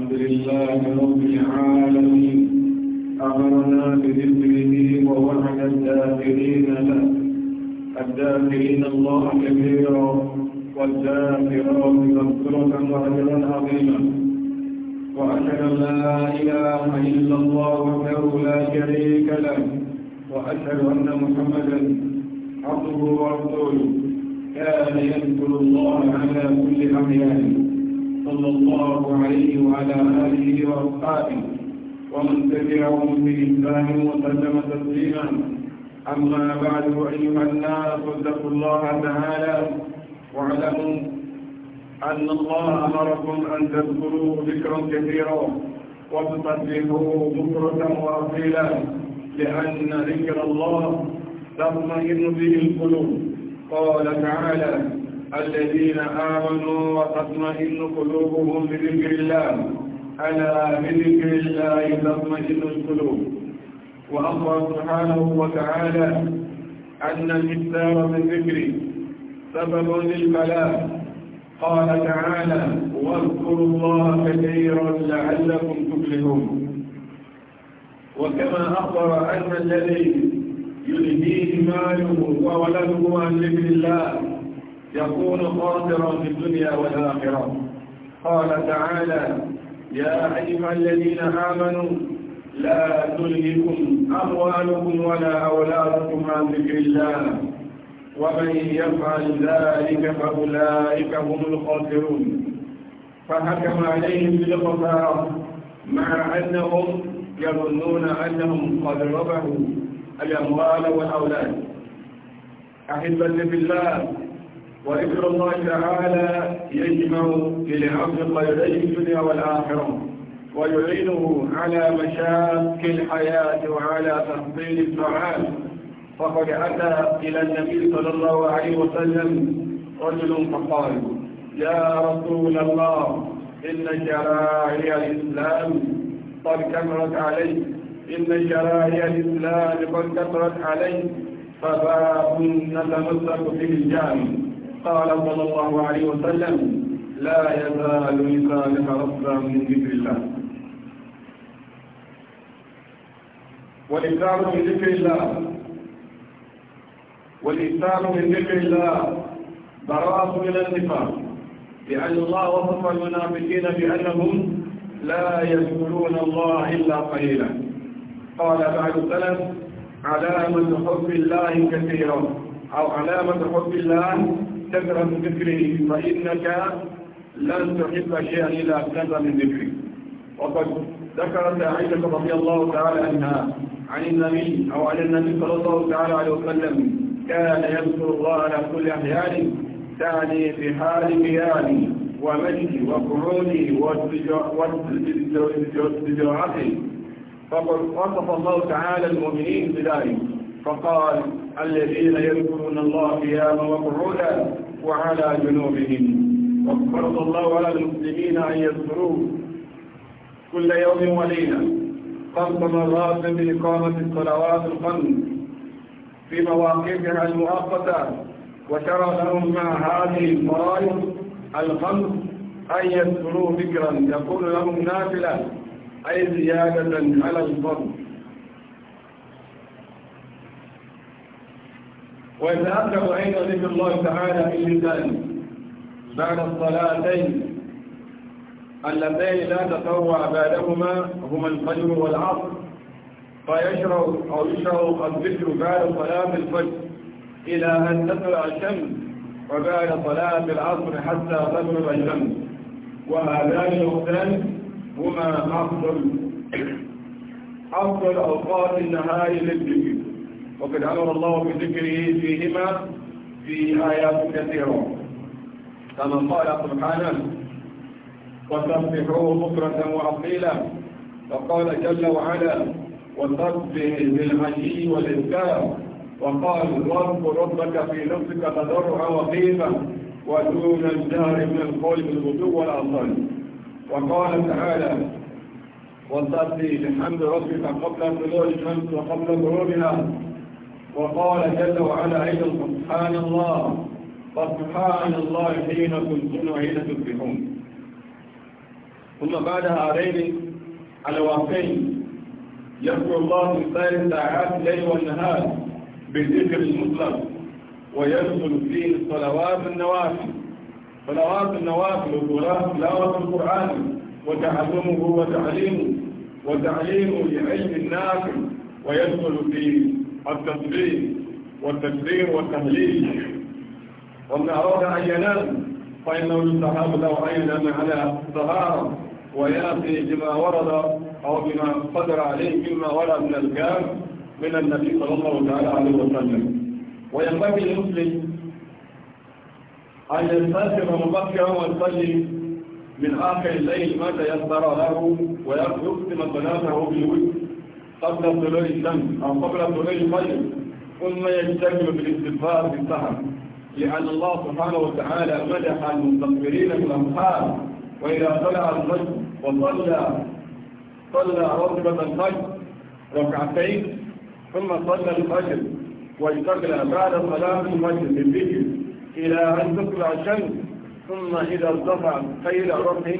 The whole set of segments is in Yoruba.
الحمد لله رب العالمين أمرنا بذكره ووعد الداخلين له الداخلين الله كثيرا والذاكرات مغفرة وأجرا عظيما وأشهد أن لا إله إلا الله وحده لا شريك له وأشهد أن محمدا عبده ورسوله كان يذكر الله على كل أحيانه صلى الله عليه وعلى آله وأصحابه ومن تبعهم بإحسان وسلم تسليما أما بعد أيها الناس اتقوا الله تعالى واعلموا أن الله أمركم أن تذكروا ذكرا كثيرا وتسبحوه بكرة وأصيلا لأن ذكر الله تطمئن به القلوب قال تعالى الذين آمنوا وتطمئن قلوبهم بذكر الله ألا بذكر الله تطمئن القلوب وأخبر سبحانه وتعالى أن الإكثار من ذكر سبب للبلاء قال تعالى واذكروا الله كثيرا لعلكم تفلحون وكما أخبر أن الذي يلهيه ماله وولده عن ذكر الله يكون خاسرا في الدنيا والآخرة قال تعالى يا أيها الذين آمنوا لا تلهكم أموالكم ولا أولادكم عن ذكر الله ومن يفعل ذلك فأولئك هم الخاسرون فحكم عليهم بالخسارة مع أنهم يظنون أنهم قد ربحوا الأموال والأولاد أحبة في الله وذكر الله تعالى يجمع للعبد قيدين الدنيا والآخرة ويعينه على مشاكل الحياة وعلى تفضيل الطعام فقد أتى إلى النبي صلى الله عليه وسلم رجل فقال يا رسول الله إن شرائع الإسلام قد كثرت علي إن شرائع الإسلام قد كثرت علي فباب نتمسك به الجامع قال صلى الله عليه وسلم لا يزال لسانك رفضا من ذكر الله والإبتال من ذكر الله والإبتال من ذكر الله براءة من النفاق لأن الله وصف المنافقين بأنهم لا يذكرون الله إلا قليلا قال بعد السلف علامة حب الله كثيرا أو علامة حب الله كثرة ذكره فإنك لن تحب شيئا إلا كثرة من ذكره وقد ذكرت عائشة رضي الله تعالى عنها عن النبي أو عن النبي صلى الله تعالى عليه وسلم كان يذكر الله على كل أحيان تعني في حال قيامي ومجدي وقعودي واستجراعتي فقد وصف الله تعالى المؤمنين بذلك فقال الذين يذكرون الله قياما وقعودا وعلى جنوبهم وفرض الله على المسلمين أن يذكروه كل يوم وليلة خمس مرات بإقامة الصلوات الخمس في مواقفها المؤقتة وشرع لهم مع هذه الفرائض الخمس أن يذكروا ذكرا يكون لهم نافلة أي زيادة على الفضل ويتأكد أيضا ذكر الله تعالى في الميزان بعد الصلاتين اللتين لا تطوع بعدهما هما الفجر والعصر فيشرع أو يشرع الذكر بعد صلاة الفجر إلى أن تطلع الشمس وبعد صلاة العصر حتى تغرب الشمس وهذان الوقتان هما أفضل أفضل أوقات النهار للذكر وقد أمر الله بذكره فيهما في آيات كثيرة كما قال سبحانه وسبحوه بكرة وأصيلا وقال جل وعلا وسبح بالعشي والإذكار وقال رب ربك في نفسك تضرعا وخيفة ودون الجهر من القول بالغدو والأصل وقال تعالى وسبح بحمد ربك قبل طلوع الشمس وقبل غروبها وقال جل وعلا أيضا سبحان الله فسبحان الله حين كنتم وحين تصبحون ثم بعدها هذين على واقعين يذكر الله في سائر ساعات الليل والنهار بالذكر المطلق ويدخل فيه الصلوات النوافل صلوات النوافل وقراءة تلاوة القرآن وتعلمه وتعليمه وتعليمه لعلم الناس ويدخل في التسليم والتكبير والتهليل ومن أراد أن ينام فإنه يستحب له أن ينام على الطهارة ويأتي بما ورد أو بما قدر عليه مما ورد من الكام من النبي صلى الله تعالى عليه وسلم وينبغي للمسلم أن يستسر مبكرا ويصلي من آخر الليل ما تيسر له ويقسم صلاته بالوتر قبل طلوع الشمس أو قبل طلوع الفجر ثم يجتمع بالاستغفار بالسهر لأن الله سبحانه وتعالى مدح المستغفرين في الأمحار وإذا طلع الفجر وصلى صلى راتبة الفجر ركعتين ثم صلى الفجر واشتغل بعد صلاة الفجر بالذكر إلى أن تطلع الشمس ثم إذا ارتفع خير ركع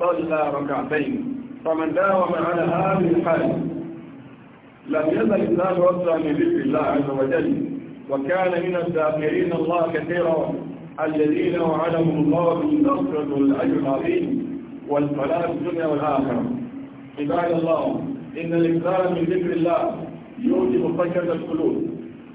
صلى ركعتين فمن داوم على هذه الحال لم يزل الناس ردا من ذكر الله عز وجل وكان من الذاكرين الله كثيرا الذين وعدهم الله بالنصرة والأجر العظيم والفلاح في الدنيا والآخرة عباد الله إن الإكثار من ذكر الله يوجب خشية القلوب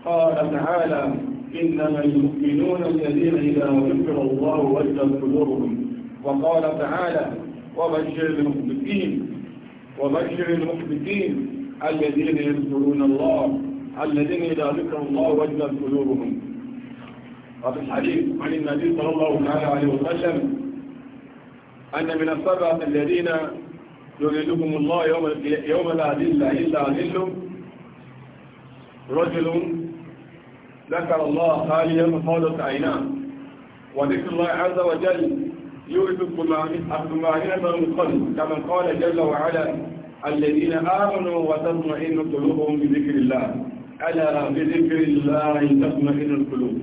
قال تعالى إنما المؤمنون الذين إذا ذكر الله وجلت قلوبهم وقال تعالى وبشر المخبتين وبشر المخبتين الذين يذكرون الله الذين إذا ذكر الله وجلت قلوبهم وفي الحديث عن النبي صلى الله عليه وسلم أن من السبعة الذين يريدهم الله يوم, يوم لا ذل إلا ذل رجل ذكر الله خاليا خالت عيناه وذكر الله عز وجل يورث الطمأنينة من القلب كما قال جل وعلا الذين آمنوا وتطمئن قلوبهم بذكر الله ألا بذكر الله تطمئن القلوب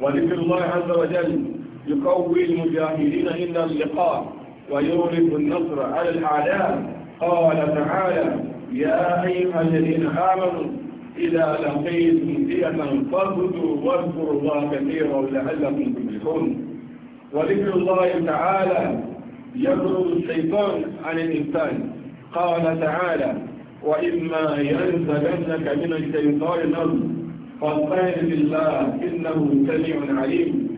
وذكر الله عز وجل يقوي المجاهدين عند اللقاء ويورث النصر على الأعداء قال تعالى يا أيها الذين آمنوا إذا لقيتم فئة فاثبتوا واذكروا الله كثيرا لعلكم تفلحون وذكر الله تعالى يضرب الشيطان عن الإنسان قال تعالى وإما ينزلنك من الشيطان نزغ فاستعذ بالله إنه سميع عليم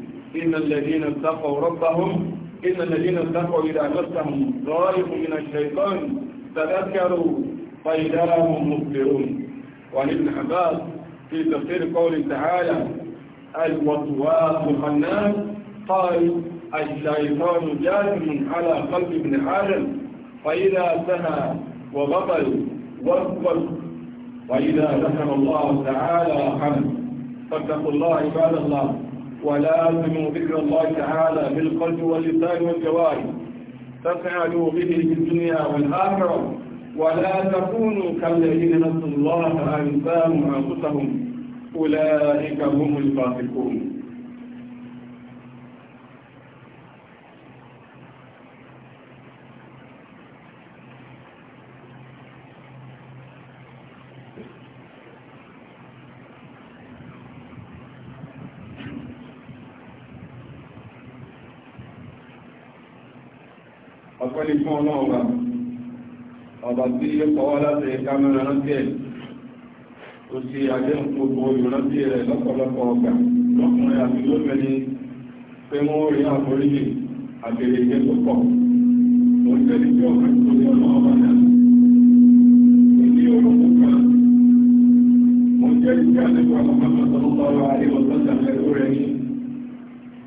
إن الذين اتقوا ربهم إن الذين اتقوا إذا مسهم ضائق من الشيطان تذكروا فإذا هم مخبرون وعن ابن عباس في تفسير قوله تعالى الوسواس الخناس قال الشيطان جاثم على قلب ابن عالم فإذا سنى وبطل واذكر وإذا ذكر الله تعالى حمد فاتقوا الله عباد الله ولازموا ذكر الله تعالى بالقلب واللسان والجوارح تسعدوا به في الدنيا والآخرة ولا تكونوا كالذين نسوا الله فأنساهم أنفسهم أولئك هم الفاسقون ọpẹ́ ní fún ọlọ́ọ̀bà ọba tí ó pọ̀wọ́ láti kámẹ́rà rántí ẹ̀ ó sì àdéhùn tó bọ̀ ìrántí rẹ̀ lọ́pọ̀lọpọ̀ ọgbà lọ́kùnrin àti lóbìnrin pé wọ́n rí àforíjì àbèrè ìgbé tó pọ̀ mo ń tẹ́lẹ̀ tí ọkàn tó ní ọlọ́ọ̀bà náà ìdí orúkọ kan mo ń tẹ́lẹ̀ tí àdéhùn àwọn ọmọ sọ̀rọ̀ àríwọ̀ tó sàmẹ́rú rẹ̀ ní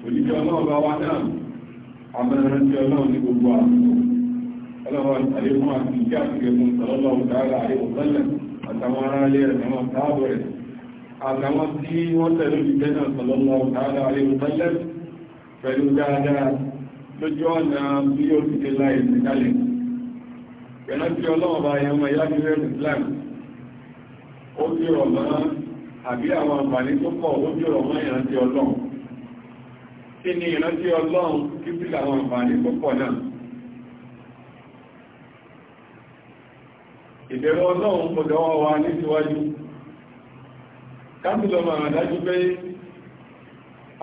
òjijì ọlọ́ọ̀bà wa náà àmọ́ ẹ̀rọ tí ọlọ́ọ̀ ní gbogbo àkókò ọlọ́wọ́ àlékún àti ìjẹ́ àtìgẹ́kùn sọlọ́lọ́wọ́ dára àlékún sọ́lẹ̀ àtàwọn ará ilé rẹ̀ náà táàbọ̀ rẹ̀ àtàwọn tí wọ́n tẹ̀lé ìjẹ́ náà sọlọ́lọ́wọ́ dára àlékún sọ́lẹ̀ pẹ̀lú dáadáa lójú ọ̀nà bí ó ti lá ìsìn kalẹ̀ pẹ̀lú tí ọlọ́wọ́ bá yẹn ọmọ ìyá nílẹ̀ Islam ó ti rọ̀ mọ́ àbí àwọn àǹfààní ìbẹ̀rẹ̀ ọlọ́run kò dánwọ́ wa ní síwájú káàkiri máa dájú pé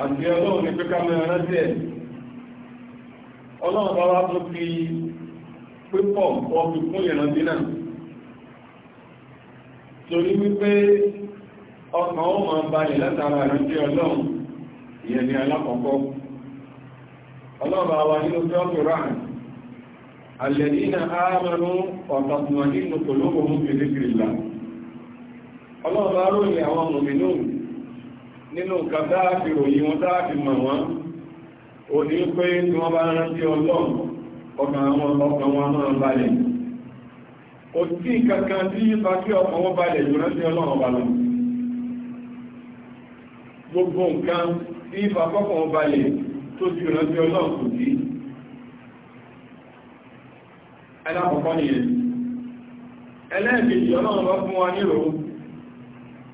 àti ọlọ́run ní pé ká rántí ẹ̀ ọlọ́run bá wá tó fi pípọ̀ ọdún fún ìrántí náà torí wípé ọkàn ó máa balẹ̀ látara alẹ́dínà ààrùn ọ̀tọ̀tùmọ̀ nínú olóòrùn fìdíkìrìlá ọlọ́ọ̀bá ròyìn àwọn mọ̀mìnú nínú nǹkan dáàfi ròyìn wọn dáàfi mọ̀ wọn ò ní pé tí wọ́n bá rántí ọlọ́run ọkàn wọn máa balẹ̀ kò tí kankan tí ipa kí ọkàn wọn balẹ̀ balẹ̀ alákọ̀ọ́kọ́ ni ẹ̀ ẹlẹ́ẹ̀kejì ọlọ́run bá fún wa nílò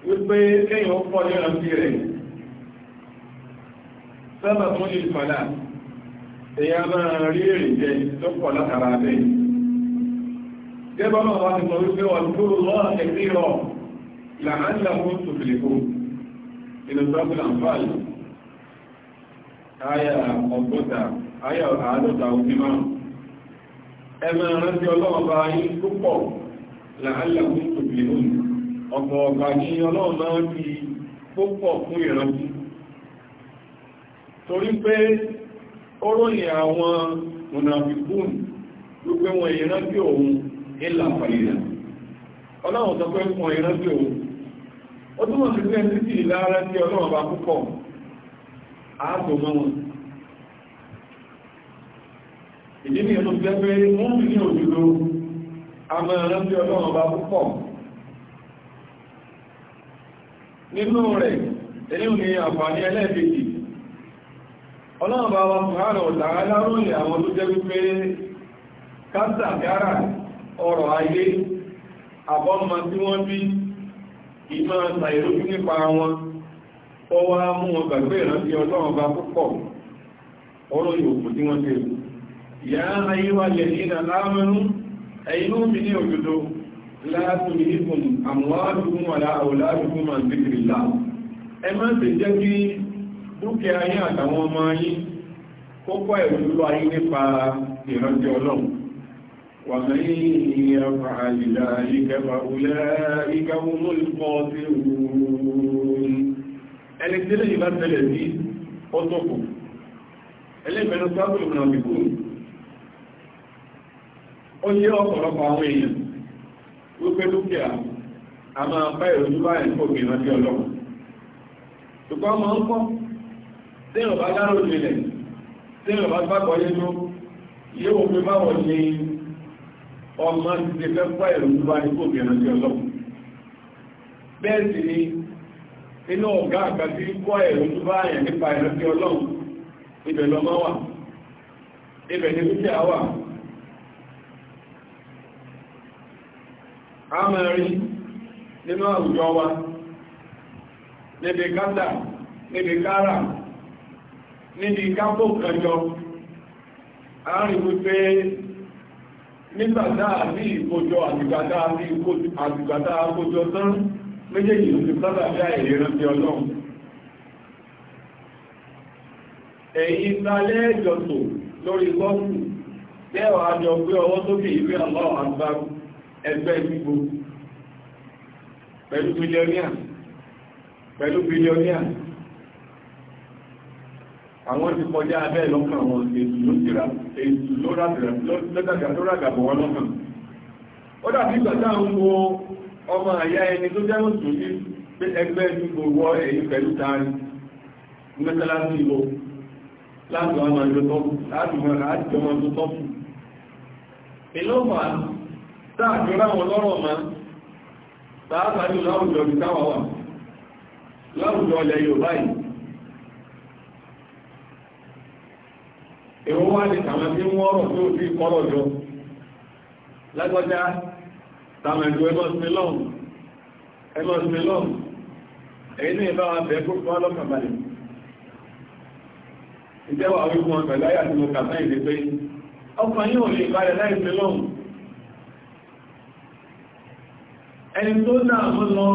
wípé kéyàn pọ̀ ní ọ̀sí rẹ̀ sábà fún ìfàlà èyà máa rí èrè jẹ tó pọ̀ látara abẹ́ gẹ́gbọ́n wa ti mọ̀ wípé wọ́n tó lọ́ ẹ̀rí rọ̀ làhánlá fún tòfìlìkó inú sọ́kùn àǹfààní àyà ọgọ́ta àyà àádọ́ta òfin márùn ẹmọ rántí ọlọ́ọ̀bá yìí púpọ̀ làálàkú tòbìlìhùn ọ̀pọ̀ ọ̀gbà ní ọlọ́ọ̀bá ti púpọ̀ fún ìrántí torí pé ó ròyìn àwọn mùnàfikún wípé wọn ìrántí òun ìlà fàyìlà ọlọ́run sọ pé ìrántí òun ìdí ni ìlú jẹ́ pé mú mi ní òjòdó àmọ́ tí ọlọ́run bá púpọ̀ nínú rẹ̀ èyí ni àǹfààní ẹlẹ́ẹ̀kejì ọlọ́run bá wa sùhánà ọ̀tàrà láròyìn àwọn tó ọrọ̀ ayé ìrántí ọlọ́run bá púpọ̀ tí wọ́n يا أيها الذين آمنوا أي مؤمنين وجدوا لا تلهكم أموالكم ولا أولادكم عن ذكر الله ẹ má ṣe jẹ́ kí dúkìá yín àtàwọn ọmọ yín kókó ẹ̀rù lọ ayé nípa ìrántí ọlọ́run wà mẹ́yìn ẹ̀fà àlìlà ìkẹfà òlẹ́ ìkẹwò lóòpọ̀ sí òun ẹni tí lè yìí bá tẹ́lẹ̀ sí ó tó kù ẹlẹ́gbẹ̀rún sábò ìmọ̀ràn ó yé ọ̀pọ̀lọpọ̀ àwọn èèyàn wípé dúkìá a máa bá ìròjú bá ẹ̀ fò mìíràn sí ọlọ́run ṣùgbọ́n ma ń kọ́ tí ìrọ̀ bá dárò nílẹ̀ tí ìrọ̀ bá gbàgbọ́ yẹnu yóò fi báwọ̀ ní ọmọ ti fẹ́ bá ìròjú bá ní fò mìíràn sí ọlọ́run bẹ́ẹ̀ sì ni inú ọ̀gá àgbà tí kọ́ ìròjú bá ẹ̀ nípa ìròjú ọlọ́run ibẹ̀ lọ́mọ wà ibẹ̀ ni dúkìá wà a máa nínú àwùjọ wa níbi kátà níbi kára níbi kápò kanjọ a wípé nígbàtá ìkójọ àtìgbàtá àkójọ tán méjèèjì ti sábà bí àìrí rántí ọlọ́run èyí sálẹ́ ìjọsò lórí gọ́ọ̀sù jọ pé ọwọ́ ẹgbẹ́ gbígbó pẹ̀lú bílíọ́níà pẹ̀lú bílíọ́níà àwọn ti kọjá abẹ́ lọ́kàn wọn èsù ló tìrà èsù ló rágàbọ̀ wọn lọ́kàn ó dàbí gbàtà ń wo ọmọ àyá ẹni tó jẹ́ òtù sí pé ẹgbẹ́ gbígbó wọ èyí pẹ̀lú taari mẹ́tàlásí ìbò láti ọmọ ìjọ tọ́pù láti ọmọ ìjọ tọ́pù táàkì ráwọn lọ́rọ̀ ma tààtàrí láwùjọ bí káwàwà láwùjọ ilẹ̀ Yorùbá yìí èwọ́ wá ní tàmà tí wọ́n rọ̀ tó bí kọ́rọ̀ jọ lágbọ́já tàmà ìjọ ẹmọ́ sílọ́n ẹmọ́ sílọ́n èyí ní ìbá wa bẹ̀ẹ́ kó kọ́ lọ́kàbalẹ̀ ìjẹ́wà wípọn pẹ̀lú àyàtí mo kà sáyìn pé ọkàn yóò lè balẹ̀ láì sílọ́n ẹni tó náà mọ́ lọ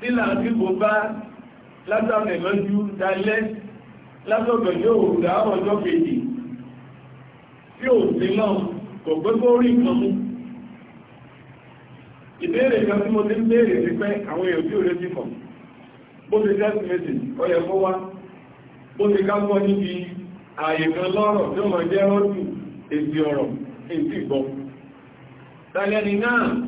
nílà tí kò bá látàmẹ̀ lọ́jú dalẹ́ látọ̀gbẹ̀ yóò rúdá kejì tí ò sí náà kò pé kó rí nǹkan mú kan tí mo ti ń sí pé àwọn èèyàn tí ò ti kọ̀ bó ti jẹ́ rọ́dù èsì ọ̀rọ̀ èsì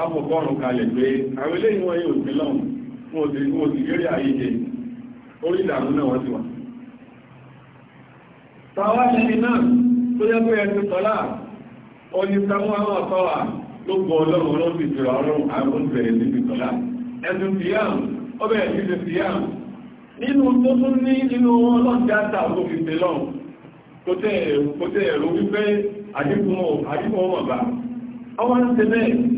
àwọ̀gọ́rùn kalẹ̀ pé àwọn ilé ìwọ̀n yóò sí lọ́wọ́ wọn ò sì wọ́n sì rí ayé jẹ orí ìdàmú náà wọ́n ti wà tàwa ẹni náà tó yẹ pé ẹni tọ́lá ọni táwọn àwọn ọ̀tọ́wà ló gbọ́ ọlọ́run ọlọ́run ìjọra ọlọ́run àwọn bẹ̀rẹ̀ níbi tọ́lá ẹ̀sùn fìyàm ọbẹ̀ ẹ̀sùn fìyàm nínú tó tún ní nínú ọlọ́dẹ́ta tó fi tẹ lọ́run kò tẹ́ ẹ̀rọ wípé àdínkù ọmọ bá ọwọ́ ń tẹ bẹ́ẹ̀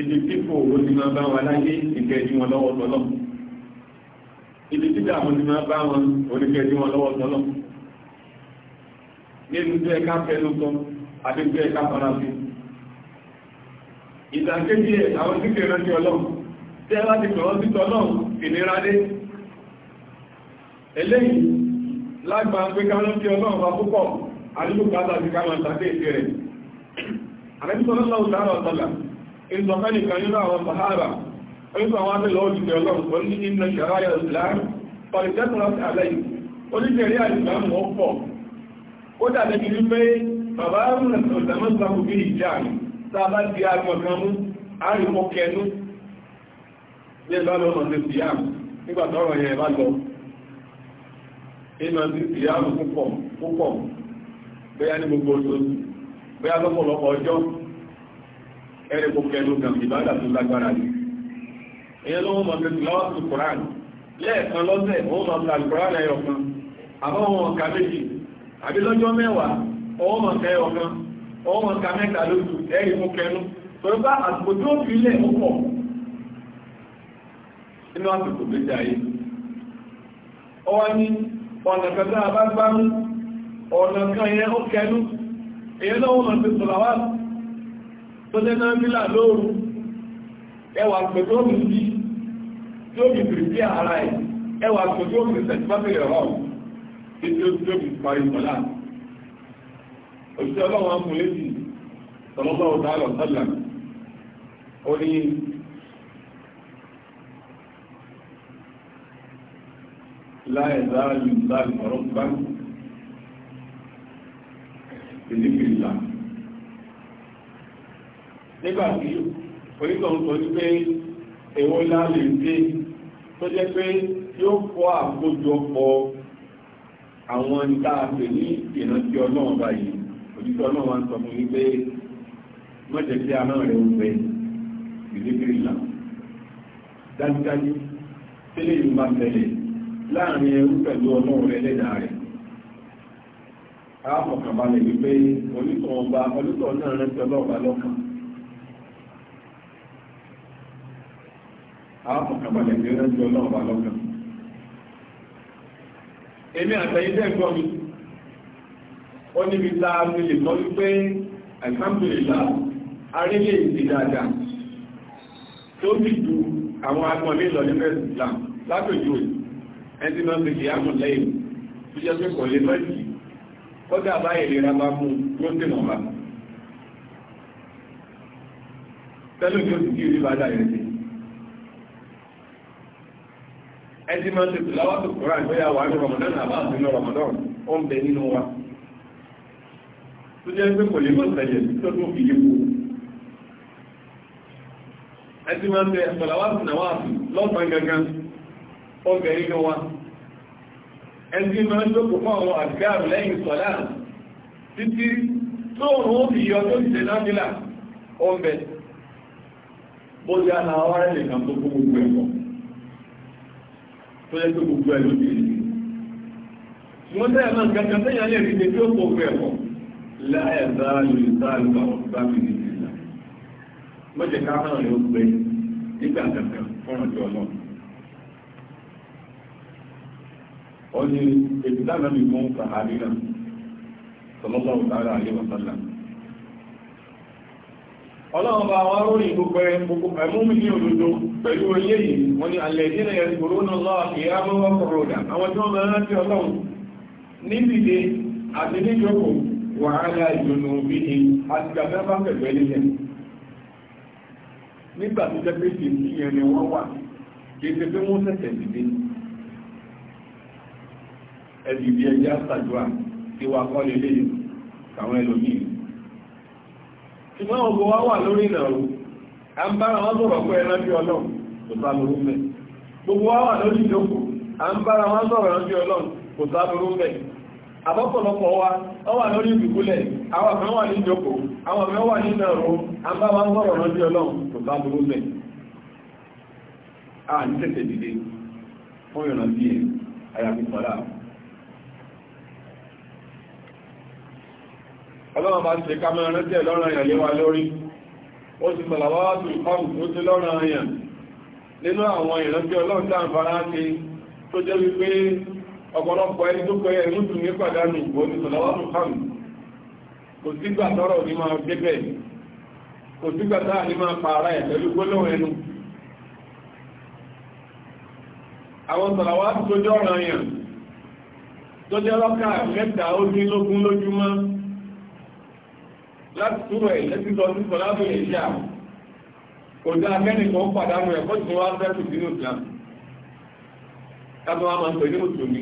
ibi pípò owó ni máa bá wọn láyé ìkẹjú wọn lọ́wọ́ tọ́lọ́ ibi títà wọn ni máa bá wọn oníkẹjú wọn lọ́wọ́ tọ́lọ́ nínú tó ẹka fẹnu sọ àti tó ẹka fara sí ìdàkejì ẹ àwọn tí kèrè rántí ọlọ́run tẹ́ láti pẹ̀lú sí tọ́lọ́run ìnira dé eléyìí lágbà pé ká rántí ọlọ́run bá púpọ̀ àdúgbò pátá sí ká máa tàbí èsì rẹ̀ àrẹ́bí sọ́lọ́lọ́wọ́ ìsọ̀kánìkan nínú àwọn sahara orísun àwọn abẹ́lẹ̀ òjìdẹ̀ ọlọ́run pẹ̀lú ní iná ṣàráyà islam pọ̀lìtẹ́kùnrin àlẹ́yìn oníṣẹ́rí àìsàn ó pọ̀ ó dàbí kiri pé bàbá rúnà sọ̀tàmọ́ sàkù bí ìjà ní sábà di agbọ̀nkan mú àrímọ́ kẹnu ní ẹ̀bá lọ́nà ti síyàm nígbà tọ́rọ̀ yẹn bá lọ ìmọ̀ sí síyàm púpọ̀ púpọ̀ bóyá ní gbogbo oṣooṣù bóyá lọ́pọ̀lọpọ̀ ọjọ́ ẹ̀rẹ́ kò kẹnu gan ìbádà tó lágbára ni ìyẹn ló wọ́n máa fi láwọ́sù koran lẹ́ẹ̀kan lọ́sẹ̀ wọ́n máa fi alukoran ẹyọ kan àbọ̀ wọn ka méjì àbí lọ́jọ́ mẹ́wàá ọwọ́ máa ka ẹyọ kan ọwọ́ máa ka mẹ́ta lóṣù ẹ̀rẹ́ kò kẹnu pẹ̀lú bá àsìkò tó fi lẹ̀ ó pọ̀ inú àsìkò méjì ayé ọwọ́ ní ọ̀nà kan tá a bá gbá mú ọ̀nà kan yẹn ó kẹnu èyí lọ́wọ́ máa fi sọ̀rọ̀ tó jẹ́ náàbílà lóòrù ẹwà pẹ̀tọ́ mi bí tó bí pìrìtì ara ẹ̀ ẹwà pẹ̀tọ́ mi sẹ̀tìfáfẹ́rẹ̀ hàn tí tó tó bí parí mọ́lá òṣìṣẹ́ ọlọ́wọ́n mú létí sọlọ́lọ́wọ́ tààlọ̀ sọ́lá ó ní láẹ̀dá yìí láì ọ̀rọ̀ gbáǹkù ìdíkìlá nígbà tí onítọ̀hún sọ ní pé èwo ńlá lè dé tó jẹ́ pé yóò kọ́ àkójọpọ̀ àwọn níta àpè ní ìrántí ọlọ́run báyìí onítọ̀ náà wá ń sọ fún mi pé mọ̀jẹ̀ kí aná rẹ̀ ń bẹ ìdíkiri là dájúdájú tẹ́lẹ̀ yìí bá tẹ̀lé láàrin ẹrú pẹ̀lú ọlọ́run rẹ̀ lẹ́dàá rẹ̀ aláfọ̀kànbalẹ̀ wípé onítọ̀ náà rántí ọlọ́ọ̀bá lọ́kàn àáfọ̀kàbalẹ̀ ní ẹ̀rọ ìjọ náà wà lọ́kàn. èmi àtẹ̀yìn tẹ́ gbọ́ mi ó níbi tá a fi lè mọ́ wípé alhamdulillah arílẹ̀ èdè dáadáa tó fi ju àwọn agbọ̀nlé lọ nípa Islam látòjú ẹni náà ti fi àmọ̀ lẹ́yìn tó jẹ́ pé kọ̀lé mẹ́jì kọ́dà báyìí lè rábá fún yóò tẹ̀nà bá tẹ́lẹ̀ tó ti kí ìrí bá dáa ẹ̀rẹ́ ẹtí máa ṣe tìláwà tó kúrò àgbéyà wà ní Ramadan àbá àti Ramadan ó ń bẹ nínú wa tó jẹ́ pé kò lè mọ̀ sẹ́yẹ̀ tó tó fi yípo ẹtí máa ṣe tìláwà tó náwà lọ́sàn gangan ó bẹ nínú wa ẹtí máa ń jókòó fún àwọn àgbáàrù lẹ́yìn sọ̀lá títí tó òun ó fi yọ tó ti ṣe náà nílà ó ń bẹ bó jẹ́ àwọn ará ẹ̀lẹ́kan tó kó gbogbo ẹ̀kọ́ tó yẹ pé gbogbo ẹ̀ lóde yìí wọ́n tẹ́yà náà kankan tẹ́yà lè rí ní tí ó pọ̀ pẹ̀ pọ̀ láyẹ̀dá lórí sáàlùbà ọ̀pá mi ní ìlà mọ́jẹ̀ ká náà ló pé nígbà kankan fọ́nà jọ náà ó ní ètùtà náà mi fún sàhárì náà sọlọ́lọ́ òtárà àyẹ̀wò sálàmù ọlọ́run bá wá rórí gbogbo ẹ̀múmi ní òdodo pẹ̀lú oyé yìí wọ́n ni alẹ́dínà ẹ̀kùrú náà lọ ìyábọ́wọ́ kòròdà àwọn tí wọ́n máa rántí ọlọ́run níbìdé àti níjọ́kò wàhálà ìjọ̀nà òbí ni àti ṣùgbọ́n ọgbọ̀ wá wà lórí a ń bára wọn sọ̀rọ̀ pé ẹ̀rántí ọlọ́run kò sáàbùrú mẹ́ gbogbo wá wà lórí a ń bára wọn sọ̀rọ̀ ẹ̀rántí ọlọ́run kò sáàbùrú mẹ́ àbọ́pọ̀lọpọ̀ wa ọ wà lórí ìdìkúlẹ̀ àwọn kan wà ní ìjókòó ọlọ́run bá ti ṣe ká mẹ́rin tẹ́ lọ́rọ̀ èèyàn léwa lórí ó ti sọ̀làwọ́ tó ìkọrù tó ti lọ́rọ̀ èèyàn nínú àwọn ìrántí ọlọ́run tá ń fara ṣe tó jẹ́ wípé ọ̀pọ̀lọpọ̀ ẹni tó pẹ́ ẹ̀rùn tún ní pàdánù ìgbò ní sọ̀làwọ́ tó kàmù kò sígbà tọ́rọ̀ ní máa débẹ̀ kò sígbà táà ní máa pààrà ẹ̀ pẹ̀lú gbólóhùn ẹnu àwọn sọ̀làwọ́ tó jọ́ ọ̀rọ̀ èèyàn tó jẹ́ lọ́kà mẹ́ta ó dín lójúmọ́ láti túrọ̀ ẹ̀ lẹ́sí lọ sí sọ lábẹ́ ìṣẹ́ àwọn òjò amẹ́rin kan pàdánù ẹ̀kọ́ tí wọ́n fẹ́ tùtù nínú Islam kábọ̀ wọn máa ń pè ní mùsùlùmí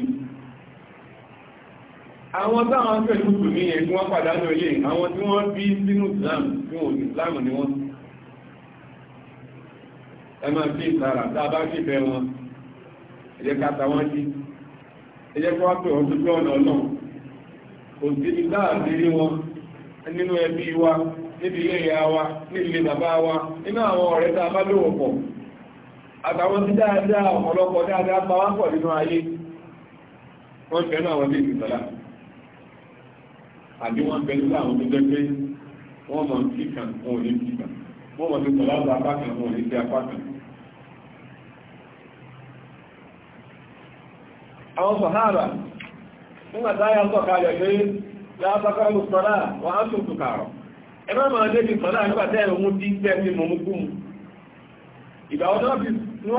àwọn táwọn ń pè ní mùsùlùmí yẹn tí wọ́n pàdánù ilé àwọn tí wọ́n bí sínú Islam tí wọ́n ní Islam ni wọ́n ẹ máa bí ìsara tá a bá sì fẹ́ wọn ẹ̀jẹ̀ ká ta wọ́n sí ẹ̀jẹ̀ kó wá pè wọ́n tó ọ̀nà ọlọ́run òsì ní láàbí rí wọn nínú ẹbí wa níbi ilé ìyá wa nílé bàbá wa nínú àwọn ọ̀rẹ́ tá a bá lówó pọ̀ àtàwọn tí dáadáa ọ̀pọ̀lọpọ̀ dáadáa bá wá pọ̀ nínú ayé wọ́n fẹ́ náà wọ́n ní ìsìtọ́lá àbí wọ́n fẹ́ nípa àwọn tó jẹ́ pé wọ́n mọ̀ sí kan wọn ò ní sí kan wọ́n mọ̀ sí tọ́lá bá apá kan wọn ò ní sí apá kan. àwọn sàhárà nígbà táyà ń sọ̀kalẹ̀ pé ya mùsùlọ́lá lụsọla á tún tùkàrọ̀ ẹ má máa débi sọ́lá nígbà tẹ́ mú ìgbà wọ́n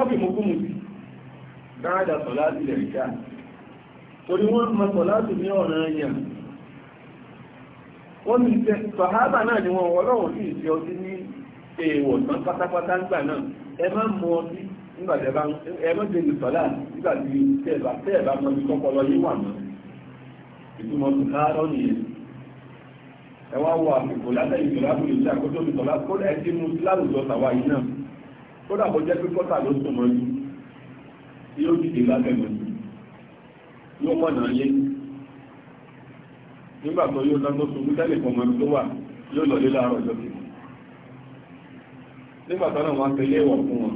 fi mú sí sọ́lá sí lè torí wọ́n mọ sọ́lá sí ní ọ̀nà wọ́n sọ̀hábà náà ni wọ́n wọ́lọ́wọ́ sí ìṣe ọtí ní èèwọ̀ pátápátá nígbà náà ẹ má nígbà tẹ́ bá ẹ má débi sọ́lá nígbà tí tẹ́ ìtumọ̀ tó káàrọ̀ nìyẹn ẹwà wọ àpèkò látẹ̀yìn tó lábùú lè ṣe àkójọ ìtọ́lá kódà ẹ̀ tí mo láwùjọ tàwa yìí náà kódà kó jẹ́ pé kọ́tà ló sùn mọ́ ju tí ó dìde lábẹ́ mọ́ ju yóò mọ̀ náà yé nígbà tó yóò tán tó sunú tẹ́lẹ̀ pọ̀ mọ́ tó wà yóò lọ lé láàárọ̀ ọjọ́ kejì nígbà tó náà wọ́n tẹ̀lé ìwọ̀ fún wọn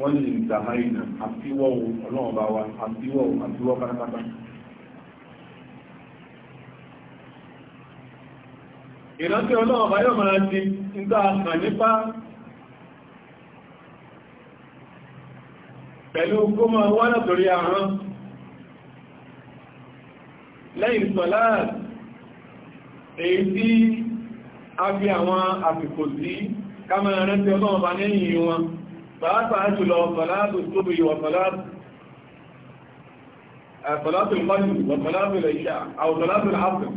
wọ́n ní ìtàhárì náà àfiwọ́ ọlọ́run bá wa àfiwọ́ àfiwọ́ pátápátá ìrántí ọlọ́run bá yóò máa di nígbà àmà nípa pẹ̀lú kó máa wá látòrí àrán lẹ́yìn sọ̀lá èyí tí a fi àwọn àsìkò sí ká máa rántí ọlọ́run bá lẹ́yìn wọn pàápàá jùlọ sọ̀lá tó tóbi wọ̀ sọ̀lá صلاة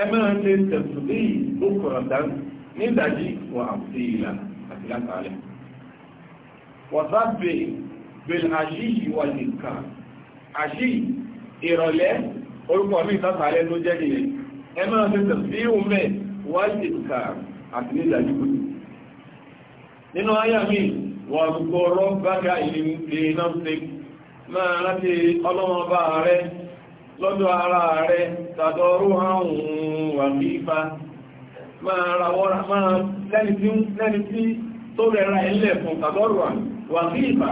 ẹ máa ṣe tẹ̀sùn bí ló kọ̀rọ̀ dánù ní ìdájí wà àti ìlà àti látàlẹ̀ wọ̀sáàbẹ̀ bẹ̀rẹ̀ àṣíyí wà nìkà àṣíyí ìrọ̀lẹ́ orúkọ mi ìtàtàlẹ̀ ló jẹ́ nìyẹn ẹ máa ṣe tẹ̀sùn bí ó mẹ́ wà nìkà àti ní ìdájí wà gbogbo ọ̀rọ̀ bága rẹ lọ́dọ̀ ara rẹ tàdọ̀rú àwọn wàkífà máa rawọ́ra máa lẹ́ni tí tó rẹra ilẹ̀ fún kàbọ́rùwà wàkífà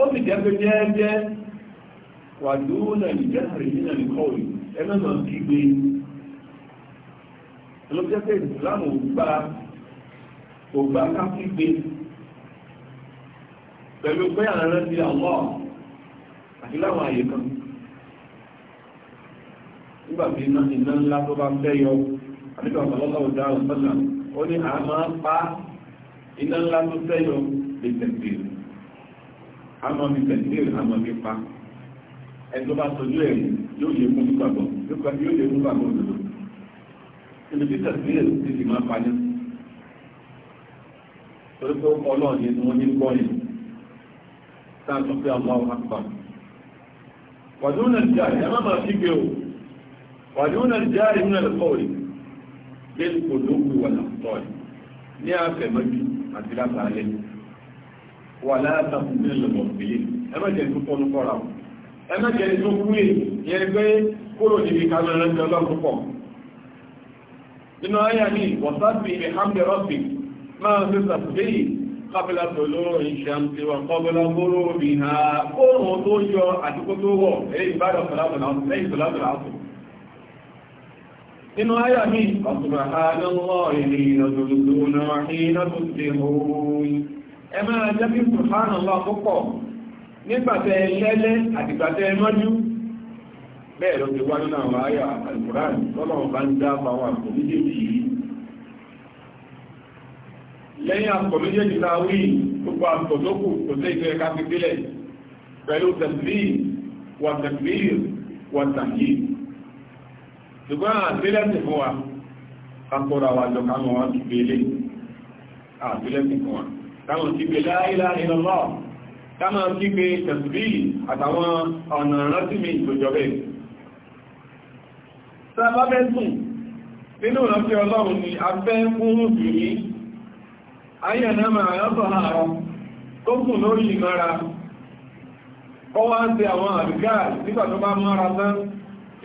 ó sì jẹ́ pé jẹ́ẹ́jẹ́ wà dúnà ìjẹ́sàrí nínà ìkọ̀wé ẹgbẹ́mọ̀ kígbe ló jẹ́ pé ìsìláàmù gbá ògbá ká kígbe pẹ̀lú pé àrẹ́rẹ́ sí àwọn àti láwọn àyè kan nígbàtí iná iná ńlá tó bá fẹ́ yọ àbíkà ọ̀sọ̀lọ́lọ́wọ̀ dá ọ̀sọ́nà ó ní a máa pa iná ńlá tó fẹ́ yọ lè tẹ̀sí a máa fi tẹ̀sí a máa fi pa ẹni tó bá sojú ẹ̀ yóò lè mú gbàgbọ́ yóò lè mú gbàgbọ́ òdodo ibi tí tẹ̀sí ẹ̀ ti fi máa pa ní torí pé ó kọ́ ọlọ́ọ̀ ni wọ́n ní gbọ́ yìí sáà tó pé àwọn àwọn àpá wàdúrà ní ìjà má máa fi gbé o wàdúnà járe nínú ẹ̀lẹ́kọ̀ọ́rì lẹ́nu kò lóògbé wà láàtọ́ọ̀lì ní àfẹ̀mọ́jú àti látàálẹ́ wà látàkùn ní ẹ̀lọ́mọ̀ ìpìlẹ̀ ẹmẹ́jẹ̀ tó tọ́nu kọ́ra ẹmẹ́jẹ̀ tó kúrè yẹn pé kúrò níbi kamẹ́rẹ́ ní ọlọ́run pọ̀ nínú ayà ní wọ̀sáàbì ní hamdi rọ́bì máa ń fẹ́sà sílẹ̀ kábílà tòló ìṣàmtì wà kọ́bílà gbóró mi ha kóòrùn tó yọ àdúgbò tó wọ̀ èyí ìbádọ̀ fẹ́lá nínú ayà ní ọ̀tùbà àádọ́wọ́ ilé ìrọ̀dọ̀dọ̀dọ̀ náà iná tó ti hóòrùn ẹ máa jẹ́ kí sùhánà lọ púpọ̀ nígbàtẹ̀ lẹ́lẹ́ àtìgbàtẹ̀ mọ́jú bẹ́ẹ̀ ló ti wá nínú àwọn ayà alìkùrán lọ́lọ́wọ́ ṣùgbọ́n àgbélẹ́sì fún wa kakọ́ra wa jọ káwọn wá ti gbélé àgbélẹ́sì fún wa káwọn ti gbé láìlá ìrànlọ́ káwọn ti gbé tẹ̀sùbí àtàwọn ọ̀nà rántìmí ìtòjọ́bẹ̀ sábábẹ́sùn nínú ìrántí ọlọ́run ni a fẹ́ fún òjò ní ayẹ̀nàmà àyọ́sọ̀ àárọ̀ lórí ìmọ́ra ó ń ṣe àwọn àbígáà nígbà bá mọ́ra tán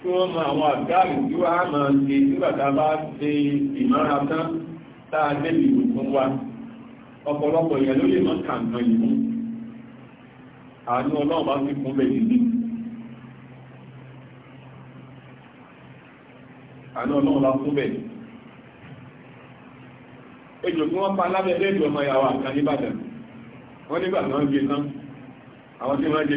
tí wọ́n mọ àwọn àgbáàrí tí wọ́n á máa ṣe nígbàtà bá ṣe ìmára tán táa débi ìwòkún wa ọ̀pọ̀lọpọ̀ ìyẹn ló lè mọ́ kàǹkan yìí mú àánú ọlọ́run bá fi kún bẹ́ẹ̀ níbi àánú ọlọ́run bá kún bẹ́ẹ̀ ejò tí wọ́n pa lábẹ́ bẹ́ẹ̀dì ọmọ ìyàwó àkànní Ìbàdàn wọ́n nígbà tí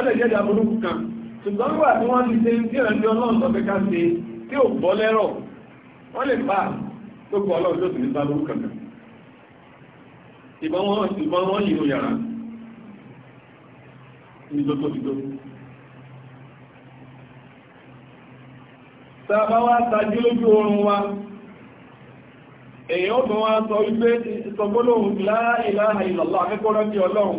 ọdẹ̀ jẹ́ ìdàbòrúkú kan ṣùgbọ́n wà tí wọ́n ti ṣe tí ìrìnàjò ọlọ́run tọ́fẹ́ ká ṣe tí ò bọ́ lẹ́rọ̀ wọ́n lè bá gbogbo ọlọ́run tó sì ní ìdàbòrúkú kan ìbọn wọn yìí ló yàrá ní tó tóbi tó tàbá wá tajú lójú oorun wa èèyàn tó wá sọ wípé ìsọgbólóhùn láìláha ìlàlá akẹ́kọ̀ọ́ rẹ́ bí ọlọ́run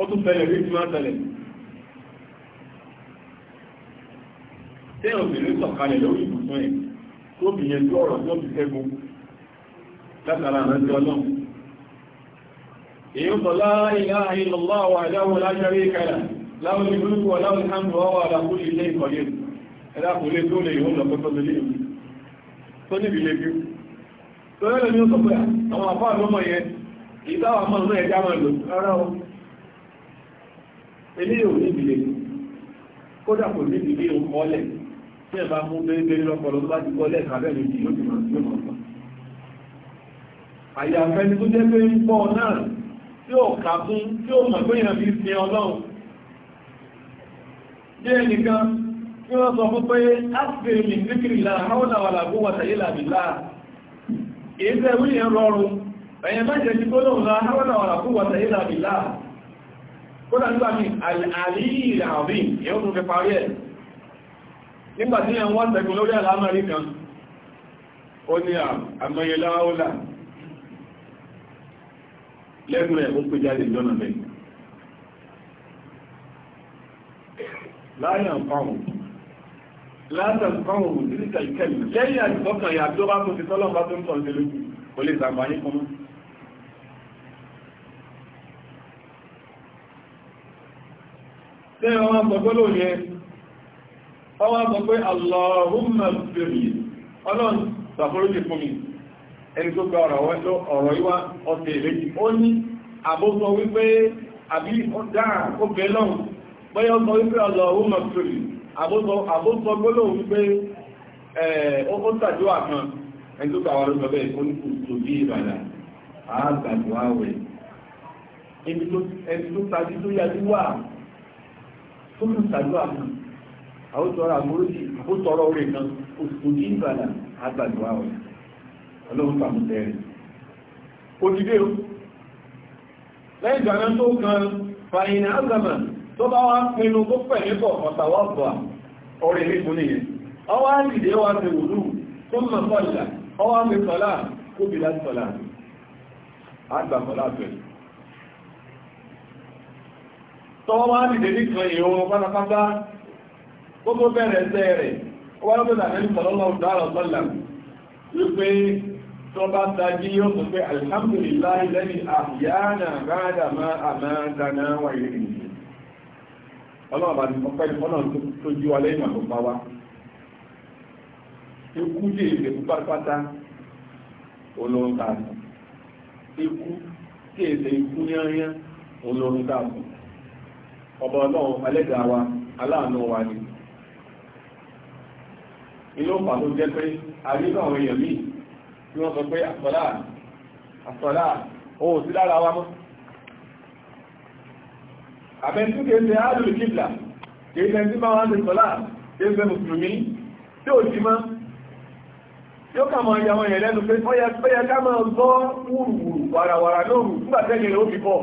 ó tún tẹ́lẹ̀ bí ti máa tẹ́lẹ̀ tí obìnrin sọ̀kalẹ̀ lórí ìbùsùn ẹ̀ tó bì yẹn tó ọ̀rọ̀ tó fi ṣẹ́gun látara àmẹ́jọ náà èyí sọ la ilaha illallah wahdahu la sharika lahu láwọn ìlú wà láwọn ìhàmù ọwọ́ àlàkú ilé ìkọ̀lẹ̀ ẹ̀dàkùnlé tó lè yóò lọ́pọ̀ tó lè eléyìí ò ní ìdílé kódà kò ní ìdílé òkọ́lẹ̀ tí ẹ bá mú bẹ́ẹ̀bẹ́ẹ̀ lọ́pọ̀lọ́ bá ti kọ́lẹ̀ kàbẹ́ lójú yóò ti máa yóò máa pa àyàfẹ́ ni tó jẹ́ pé ń pọ̀ náà tí ó kà fún tí ó mọ̀ pé èèyàn fi sin ọlọ́run jẹ́ ẹnìkan tí wọ́n sọ fún pé áfíìrì mi níkiri lára háwọ́nà wà làgbó wà tàyé làbí láà èyí tẹ́ wíyẹn rọrùn ẹ̀yẹn má jẹ́ ti gbólóhùn kódà nígbà ní àlìyìí àbí èyí tún fi parí ẹ̀ nígbà tí ẹ̀ wọ́n tẹ̀kùn lórí àlámẹ́rí kan ó ní àmọye láọ́lá lẹ́nu ẹ̀ ó pé jáde lọ́nà bẹ́ẹ̀ láyàn fáwọn látàn fáwọn òmùsílítà lẹ́yìn wọn gbọ́gbọ́lò yẹ ọwọ́ sọ Allahumma bèèrè ọlọ́run ṣàforíjì fún mi ẹni tó gba ọ̀rọ̀ ìwá ọ̀tẹ̀ ìrẹ́jì ó ní àbóso wípé àbí dáa ó bẹ lọ́run bọ́yọ́ sọ wípé Allahumma bèèrè àbóso gbọ́lò wípé ó tàjúwà kan ẹni tó gba ọ̀rọ̀ ìwá bẹ́ẹ̀ ó ní kò tóbi ìbàdà àgbàdùn àwẹ̀ ẹni tó tajú tó yájú tó ń ṣàdúrà kan àwòtọ́rọ̀ àmúrójì àwòtọ́rọ̀ orí kan oṣù ní ìbàdà àgbàdo àwọ̀ ọlọ́run pàmò tẹ́rẹ̀ òdìdé o lẹ́yìn ìgbà náà tó kan fàyìn àgbàmà tó bá wá pinnu tó pẹ̀lú pọ̀ ọ̀tàwọ̀gbà ọ̀rẹ́ nígun nìyẹn ọwá dìde wá ti wùlú tó mọ̀ fọ́lá ọwá mi sọ́lá kóbi láti sọ́lá àgbà sọ́lá tọwọ́ wá nìdè nìkan ìhun pátápátá ó tó bẹ̀rẹ̀ ẹsẹ̀ rẹ̀ ó wá lọ́pẹ́ tàbí sọ̀lọ́lọ́ dáàrọ̀ sọ́là wípé tó bá tají yóò tó pé alhamdulillahi lẹ́ni àyánà rádà máa àmàdàná wà ìrìn ọlọ́run bá ní ọpẹ́ ìfọ́nà tó jí wa lẹ́yìn àkópa wa ikú lè lè ikú kí èsè ikú yányán ọba ọlọ́run ẹlẹ́dàá wa aláàánú wa ni ilé ọ̀pá tó jẹ́ pé àríwá àwọn èèyàn míì tí wọ́n sọ pé àsọ̀lá àsọ̀lá ohun sí lára wa mọ́ àbẹ̀ntú kìí ṣe áàlùlù kìbìlà kìí ṣe tí máa wá ní sọ́lá kìí ṣe mùsùlùmí tí ò jí mọ́ yóò kà mọ̀ ìyàwó yẹn lẹ́nu pé ó yẹ ká máa gbọ́ wùrùwùrù wàràwàrà lóòrù nígbàtẹ́yìn ó fi bọ́ọ̀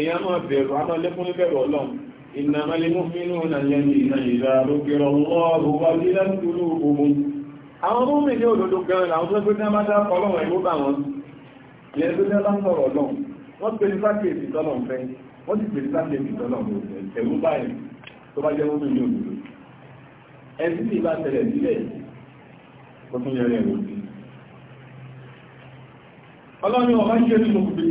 èyàn máa bẹ̀rù àmọ́ lẹ́kún ní bẹ̀rù ọlọ́run innamal mu'minuna alladhina idha dhukira Allahu wajilat qulubuhum àwọn tó mìí ní òdòdó gan àwọn tó gbé dámá dá ọlọ́run ẹ̀gbó bá wọn yẹn tó dá bá sọ̀rọ̀ ọlọ́run wọ́n pè ní sákèèsì tọ́lọ̀ fẹ́ wọ́n ti pè ní sákèèsì tọ́lọ̀ ẹ̀rú tó bá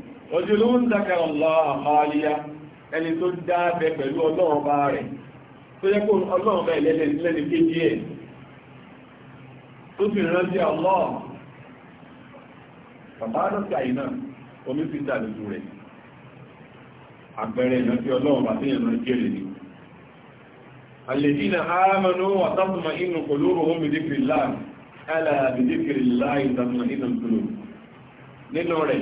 rọ̀jùlú ń dákà ọlọ́run àmàlíyá ẹni tó dáadẹ pẹ̀lú ọlọ́run bá rẹ̀ tó yẹ kó ọlọ́run bá ìlẹ́lẹ́ni kéjì ẹ̀ tó fi rántí ọlọ́run bàbá lọ́sí àyínà omi fi dà nínú rẹ̀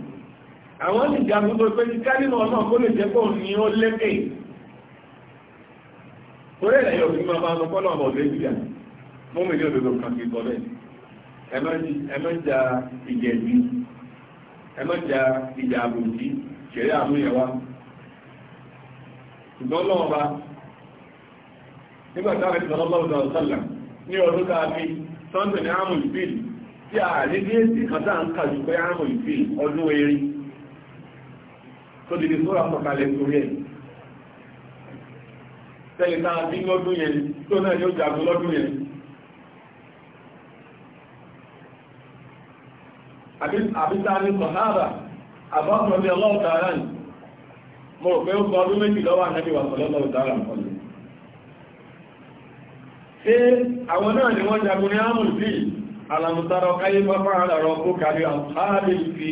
àwọn ìjà gbogbo pé ní kálímọ̀ náà kó lè jẹ́ pọ̀ ní ó lékè orí ẹ̀lẹ́ yóò fi máa bá ọmọ kọ́lọ̀ ọmọ ọ̀dẹ́ ìjà mú mi ní òdòdó kan kí kọ́lẹ̀ ẹmọ́jà ìjẹ̀bí ẹmọ́jà ìjà àbòjì ṣẹ̀rí àmúyẹ̀wá ṣùgbọ́n lọ́wọ́ bá nígbàtá àti sọlọ́lọ́wọ́ sọlọ́lọ́ ní ọdún tá a fi sọ́ńdọ̀ ní àmọ̀ ìfìlì tí a rí bí èsì kan tá à ń kà jù pé àmọ̀ ìfìlì ọdún erin tó lè sọ́ra sọ̀kalẹ̀ torí ẹ̀ tẹ́lẹ̀ táa bí lọ́dún yẹn tó náà yóò jagun lọ́dún yẹn àbíta ní sọ̀háàbà àbáfọ́ ní ọlọ́ọ̀ta ara ní mo rò pé ó sọ ọdún méjì lọ́wọ́ ànábì wà ṣe àwọn náà ni wọ́n jagun ní àmùsí pápá àlàrọ̀ kó kàrí fi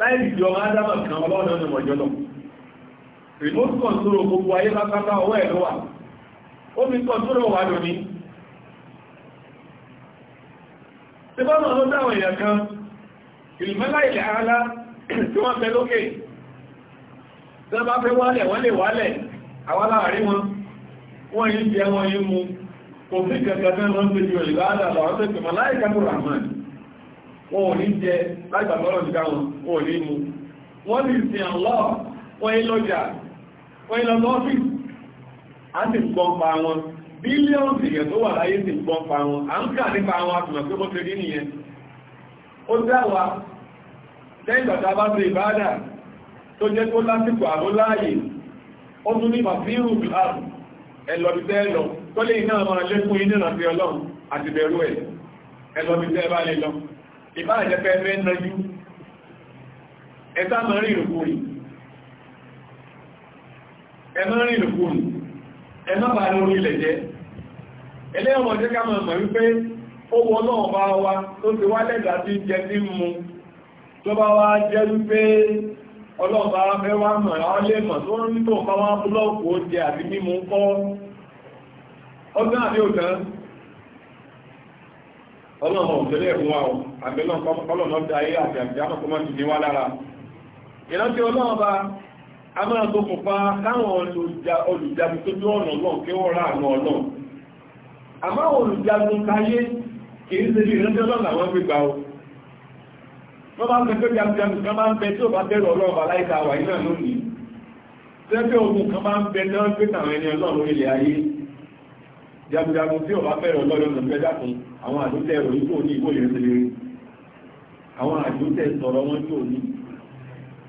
láì ìdí ọmọ ádámà kan ọlọ́run ọ̀nà mọ̀jọ́ lọ remote control gbogbo ayé pátápátá ọwọ́ ẹ̀ ló wà omi control wà lónìí tí bá mọ̀ ló dáwọn èèyàn kan ìlúmẹ́lá ilẹ̀ ara tí wọ́n fẹ́ lókè tí wọ́n bá fẹ́ wálẹ̀ wọ́n lè wálẹ̀ àwọn láàrin wọn wọ́n yí jẹ wọn yí mu kò sí kẹ̀kẹ́ tẹ́ wọ́n ń gbé ju ìlú àdàlọ́ ọ̀sẹ̀ tìmọ̀ láìka tó rà mọ́ni wọn ò ní jẹ lágbàgbọ́rọ̀ jù káwọn wọn ò ní mú wọ́n lè sin àlọ́ wọ́n yí wọ́n yí lọ a ti gbọ́n pa wọn bílíọ̀nù èèyàn tó wà láyé ti gbọ́n pa wọn a ń kà nípa àwọn àtùmọ̀ pé bó nìyẹn ó dáwà bá tó jẹ́ tó lásìkò àbó láàyè ó tún ní màfíìrù ìbá ìjẹ́pẹ́ ẹgbẹ́ nájú ẹ̀sá mọ́ rí ìrùkúrì ẹ̀mọ́ ìrùkúrì ẹ̀mọ́ bá lórí ilẹ̀ jẹ́ ẹlẹ́wọ̀n jẹ́ ká mọ̀ wípé ó wọ́n náà bá tó ti wá lẹ́gbà tí mú tó bá wá jẹ́ wípé ọlọ́ọ̀bá ọlọ́run òṣèlè ẹ̀fún wa àbẹ̀lọ́ ọlọ́run ayé àti àbìjámọ̀ kọmọ́ ti ní wá lára ìrántí ọlọ́run bá a máa tó kùnfà káwọn olùjagun tó tó ọ̀nà náà kí wọ́n rà àmọ́ ọlọ́run àmọ́ olùjagun káyé kì í ṣe bí ìrántí ọlọ́run àwọn gbígbà o wọ́n bá ń pẹ́ pé jagunjagun kan máa ń bẹ tí ó bá bẹ̀rù ọlọ́run aláìta wà iná lónìí tẹ́fẹ́ ogun kan máa ń bẹ náà pé tàwọn ẹni ọlọ́run ilẹ̀ ayé jagunjagun tí ó bá bẹ̀rù ọlọ́run lọ́dún àwọn àdúntẹ̀ ìròyìn tó ní ìwò ìrẹsẹ̀ lè rí àwọn àdúntẹ̀ sọ̀rọ̀ wọn tó ní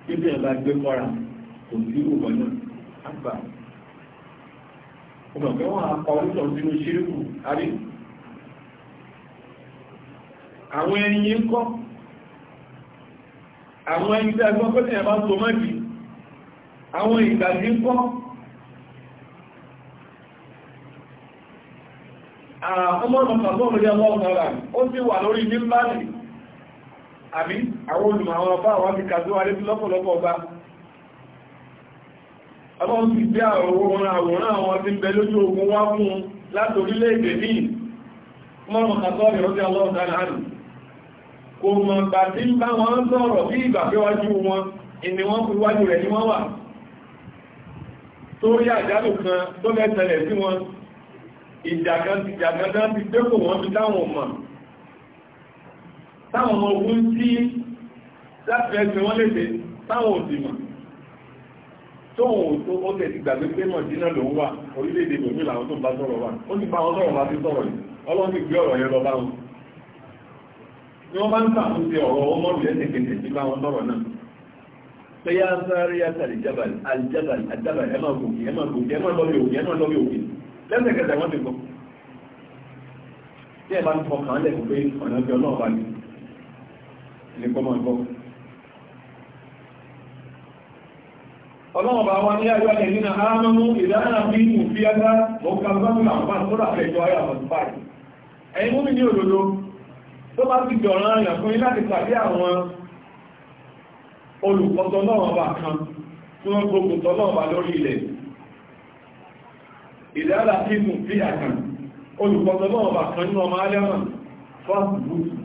kíbi ẹ̀bá gbé kọ́ra kò sí ìwọ̀n náà àgbà ọmọ pé wọ́n apá orúkọ sínú ṣírìkù àrí àwọn ẹni yìí ń kọ́ àwọn ẹni tí a gbọ́ pé ẹ̀bá tó mọ́ àwọn ìgbàgbé ń kọ́ ọmọ ọmọ ọmọdé ọlọ́ọ̀tọ́lá ó sì wà lórí mímbálì àbí àwọn olùmọ̀ àwọn ọba àwọn ti kàdó wà létí lọ́pọ̀lọpọ̀ ọba ọlọ́run ti gbé àwòrán àwòrán àwọn ti bẹ lójú ogun wá fún láti orílẹ̀-èdè míì mọ́rùn àtọ́rẹ̀ ó sì ọlọ́ọ̀tọ́lá kò mọ̀ gbà tí ń bá wọn sọ̀rọ̀ bí ìgbà pé wájú wọn ìní wọ́n fi wájú rẹ̀ ni wọ́n wà torí àjálù kan tó lẹ́tẹ̀lẹ̀ sí wọn ìjàkan ti jàgangan ti dépò wọn bí táwọn ọmọ táwọn ogun tí láti ẹgbẹ̀ wọ́n léde táwọn òsìmọ̀ tóhun òtó ó tẹ̀ ti gbàgbé pé mọ̀dínà ló ń wà orílẹ̀-èdè bòmí tó bá o wà ó ti bá wọn sọ̀rọ̀ bá ti yìí lẹ́sẹ̀kẹsẹ̀ wọ́n ti gbọ́ tí ẹ bá ń fọkàn lẹ̀ pé ọ̀nà bí ọlọ́ọ̀bá ni ilé kọ́mọ̀ gbọ́ ọlọ́ọ̀bá wa ní àjọ ẹ̀ nínú àmọ́mú ìdáná bí mú fi ẹgbá mọ́ká gbọ́nà àpá sórí àfẹ́jọ ayà mọ̀tífàì ẹ̀yìn mú mi ní òdodo tó bá ti jọ ọ̀ràn àyàn fún yín láti pàdé àwọn olùkọ́tọ̀ náà wà kan tí wọ́n gbógun tọ́ náà wà lórí ilẹ̀ ìdára kíkùn sí àkàn olùpọ̀tọ̀lọ́ ọba kan ní ọmọ alẹ́mọ̀ fọ́sì búùsù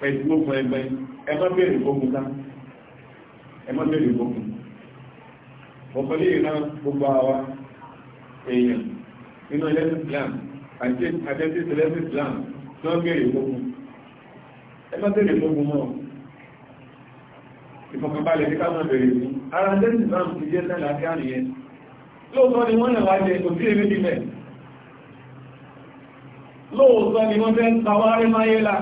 pẹ̀lú ogun ẹgbẹ́ ẹmọ́ bèèrè ogun ká ẹmọ́ bèèrè ogun ọ̀pọ̀lẹ́ ìran gbogbo àwa èèyàn nínú ẹlẹ́sìn Islam àti àtẹ́sí ẹlẹ́sìn Islam tí wọ́n bèèrè ogun ẹmọ́ bèèrè ogun náà ìfọ̀kànbalẹ̀ ní káwọn bèèrè ogun ara ẹlẹ́sìn Islam ti jẹ́ sẹ́lẹ̀ àti àríyẹn lóòótọ́ ni wọ́n nàwà jẹ kò sí èrè nílẹ̀ lóòótọ́ ni wọ́n fẹ́ ń ta wárí máyé la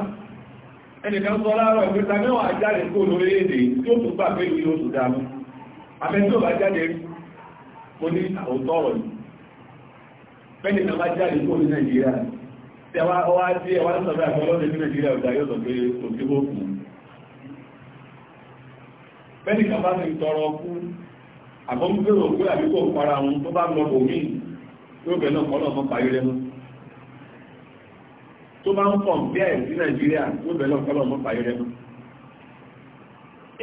ẹnìkan sọ láàárọ̀ ìgbẹta mẹ́wàá jáde kó lórílẹ̀-èdè tí ó tún gbà pé ìlú oṣù dàmú abẹ́ tí ó bá jáde rí mo ní àwòtọ́ ọ̀rọ̀ yìí bẹ́ẹ̀ni ti tọrọ kú àbọ̀mùgbèrò pé àbíkò para wọn tó bá lọ bòmí yóò bẹ̀ náà kọ́nà kan parí lẹ́nu tó bá ń pọ̀ bí ẹ̀ sí nàìjíríà yóò bẹ̀ náà kọ́nà kan parí lẹ́nu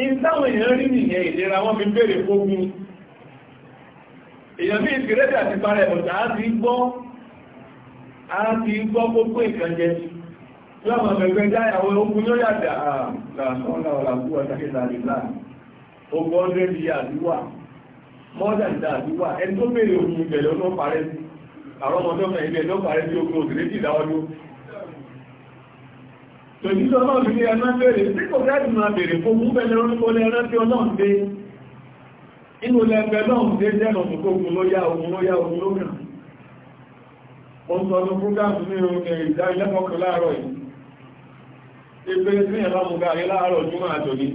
ìtàwọn èèyàn rí nìyẹn ìlera wọn fi béèrè fógún èèyàn bí ìfìrẹ́dì àti parẹ́ ọ̀tà á ti gbọ́ á ti gbọ́ gbogbo ìkànjẹ lọ́mọ mẹ́gbẹ́ dáyàwó ogun ló yàtà àà làṣọ́ ọ̀là ọ̀là kú ọ̀tà kí mọ́dà ìdáàbí wà ẹni tó bèèrè ogun ìbẹ̀lẹ̀ ọdún parẹ́ sí àwọn ọmọdé ọmọ ilẹ̀ ẹ̀dọ́ parẹ́ sí ogun òsèré sí ìdáwọ́dún tòjúsọ náà fi ní ẹran bèèrè tí kò gáàdì máa bèèrè fún mú bẹ̀lẹ̀ orúkọ lẹ́ran tí ọlọ́run dé inú lẹ́gbẹ̀ lọ́run dé jẹ́nà òkúkógun ló yá ogun ló yá ogun ló rìn ó ń sọ ọdún fúgáàmù ní orin ìdánilẹ́kọ̀ọ́kọ̀ láàárọ̀ yìí ebe ní ẹ̀bá mú gàrí láàárọ̀ jùmọ̀ àjò ní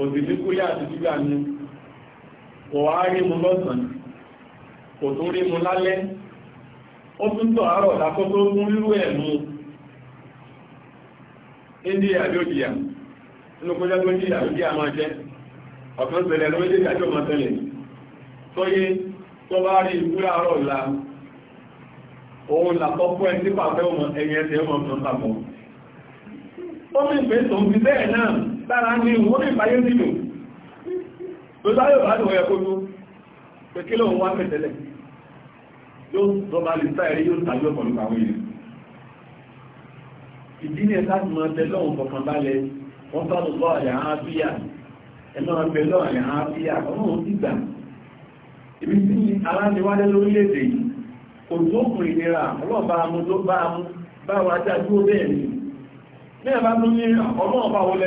òsì ní kúlẹ̀ àti jùgbà ní kò wá rí mu lọ́sàn kò tó rí mu lálẹ́ ó tún tọ̀ àárọ̀ lákòókò fún rírú ẹ̀ mú india lódìyà inú kọjá tó jìyà lódìyà máa jẹ́ ọ̀kan tẹ̀lẹ̀ ló méjèèjì àjọ máa tẹ̀lẹ̀ tọ́yé tó bá rí ikú láàárọ̀ la òun làkọ́kọ́ ẹ̀ nípa fẹ́ ọmọ ẹ̀yẹ ẹ̀sẹ̀ ọmọ ọ̀kan papọ̀ ó sì pé tòun ti bẹ́ẹ̀ náà lára ní ìwọ́n ìbáyé nílùú tó sáyọ̀ bá dùn ẹ̀kọ́ ló pé kí lóun wá pẹ̀tẹ́lẹ̀ yóò rọba lè sá ẹ̀rí yóò tàbí ọ̀pọ̀lọpọ̀ àwọn èèyàn ìdí ní ẹ̀ká ti máa tẹ lọ́wọ́ kọ̀kan balẹ̀ wọ́n bá lọ́wọ́ àyà áfíà ẹ máa bẹ lọ́wọ́ àyà áfíà ọlọ́run ti gbà ibi tí alániwálé lórílẹ̀-èdè yìí kò tó kùn ìlera ọlọ́ọ̀bá amú tó bá amú báwọn ajájú ó bẹ́ẹ̀ ni ní ẹ̀bá tó ní ọlọ́ọ̀bá wọlé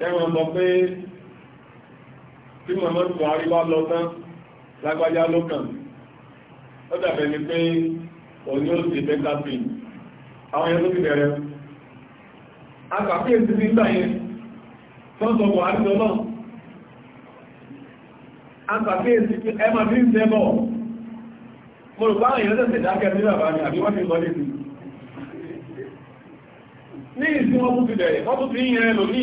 kẹ́wọ́n mọ̀ pé tí mọ̀mọ́ Buhari bá lọ tán lágbájá ló kàn ó dàbẹ̀ ni pé òní ó sì bẹ́ta sí àwọn ẹ̀rọ ti bẹ̀rẹ̀ àkàkíyèsí nígbà yẹn tọ́sọ Buhari lọ náà àkàkíyèsí pé ẹ máa fi ń tẹ́ bọ̀ mo rò bá àwọn èèyàn tẹ̀sẹ̀ dákẹ́ sí bàbá ni àbí wọ́n ti lọ ní ìsìn wọn tún ti bẹ̀rẹ̀ wọ́n tún ti ń yẹn lò ní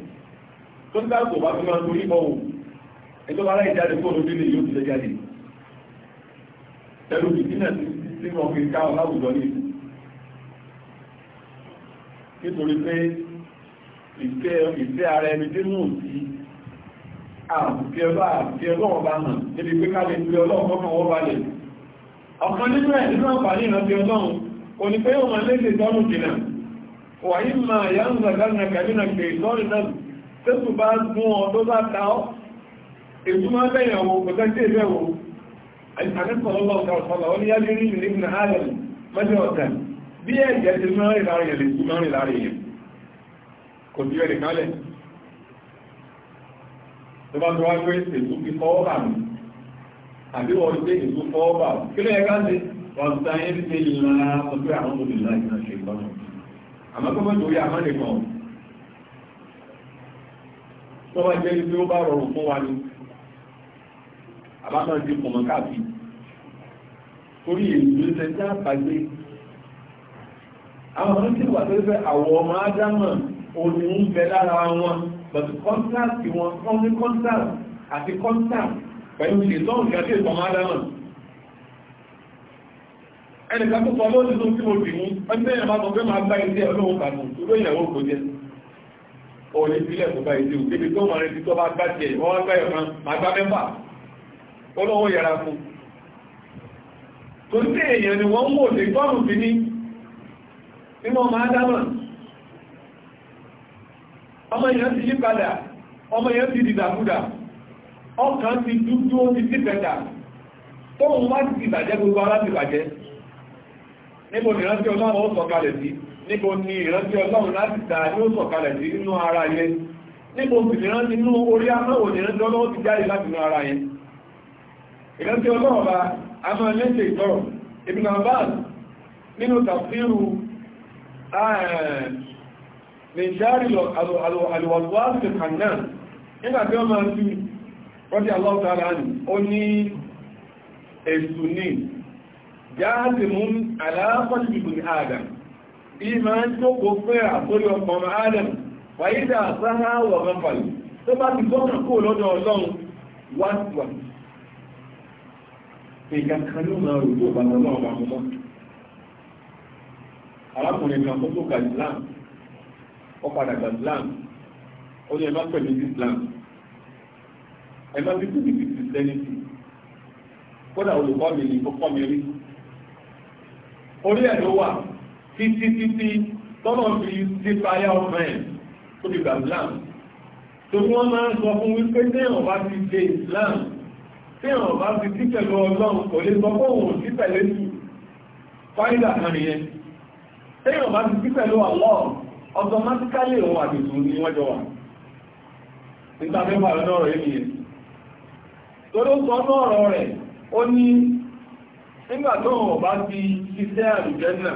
tó ń dáàbò bá fi máa ń torí bọ́wọ̀ ẹjọ́ bá láì jáde fóònù bí nìyí ó ti lè jáde pẹ̀lú ìdínà tí wọ́n fi ká ọ láwùjọ ní nítorí pé ìfẹ́ ara ẹni tí mú sí àti ọlọ́wọ́ bá hàn níbi pé ká lè fi ọlọ́wọ́ kan wọ́n balẹ̀ ọ̀kan nínú ẹ̀ nínú àǹfààní ìrántí ọlọ́run kò ní pé ó máa lè ṣe tọ́rùn jìnà wà ní máa yá ń zàgbà nàkàlínà pé lọ́rin náà tẹ́sù bá gún ọ tó bá ta ọ́ èyí máa bẹ̀yàn wo kò tẹ́sí ẹ̀fẹ́ wo àtẹ́sọ̀lọ́lọ́ ọ̀sọ̀lọ́ ó ní yá bí nínú ibùn adam mẹ́jọ ọ̀tẹ̀ bí ẹ̀jẹ̀ ti máa rìn láàrin ẹ̀lẹ̀ tí máa rìn láàrin ẹ̀yẹ kò sí ẹ̀rẹ̀ kálẹ̀ tó bá tó wá pé èso fi fọwọ́ bà mí àbí wọ́n gbé èso fọwọ́ bà mí kí lẹ́yìn káàdì wọ́n ta yẹn ti ṣe ìlànà ọdún àwọn tó bá jẹ́ ní pé ó bá rọrùn fún wa ni àbámọ́ ti kùnmọ̀ káàkiri torí èyí ṣe ń dábàgbé àwọn ọmọ tí wà tẹ́lẹ́fẹ́ àwọ̀ ọmọ ádámọ̀ òní ń bẹ lára wọn but contact wọn wọ́n ní contact àti contact pẹ̀lú ìṣètọ́nù kí a ṣe ìtọ́mọ ádámọ̀ ẹnìkan tó sọ lóòtítún tí mo dì mú ẹgbẹ́ ìyàmá tó fẹ́ máa gbá ilé ọlọ́run kàdùn tó lóyìn ẹ̀wọ́ kò jẹ́ òní sílẹ̀ kò bá ìdí òdíbi tó mọ̀ rẹ̀ tí tó bá gbájẹ̀ wọ́n wá gbá ẹ̀kan ma gbá mẹ́fà olówó yẹra fún tó sí èèyàn ni wọ́n mò lè tọ́rù sí ní ọmọ adámà ọmọ èèyàn ti yí padà ọmọ èèyàn ti dìdàkúdà ọkàn ti dúdú ó ti sípẹ̀dà tóun wá ti bàjẹ́ gbogbo ti níbo nìrántí ọlọ́run ó sọ kalẹ̀ níbo ni ìrántí ọlọ́run láti ta yóò sọ̀kalẹ̀ sí nínú ara yẹn níbo sì ìrántí inú orí amáwò ní ìrántí ọlọ́run ti jáde láti inú ara yẹn ìrántí ọlọ́run bá a máa lẹ́sẹ̀ ìtọ́rọ̀ Ibn Abbas nínú tàfíìrù nìjáàrí alwàlwàsì kanáà nígbà tí ó máa sí rọ́dí aláwọ̀tára ní ó ní èsù ní jáàtì mún aláàpọ̀lùbùn adam ìmọ̀ ń tó kò fẹ́ àkórí ọmọ adam wàídà sáhá wà mẹ́fàlì tó bá ti gbọ́nà kó lọ́dọ̀ ọlọ́run wáṣíwá èèyàn kan ló máa rò tó bá lọ́nà ọba mọ́ arákùnrin kan tó tó ka islam ó padà gba islam ó ní ẹ má pẹ̀lú islam ẹ má fi tóbi fi christianity kódà olùkọ́ mi ni ó kọ́ mi rí orí ẹ̀ ló wà títí títí tọ́nà fi sí fáyà ọ̀fẹ́ tó ti gbà Islam tó kí wọ́n máa ń sọ fún wípé téèyàn bá ti ṣe Islam téèyàn bá ti sí pẹ̀lú Ọlọ́run kò lè sọ pé òun sí pẹ̀lú ètù fáyà kan nìyẹn téèyàn bá ti sí pẹ̀lú àlọ́ automatically òun àdìsùn ni wọ́n jọ wà nígbà mẹ́fà lọ́rọ̀ yìí nìyẹn tó ló sọ náà rẹ̀ ó ní nígbà bá ti ṣiṣẹ́ àlùjẹ́ náà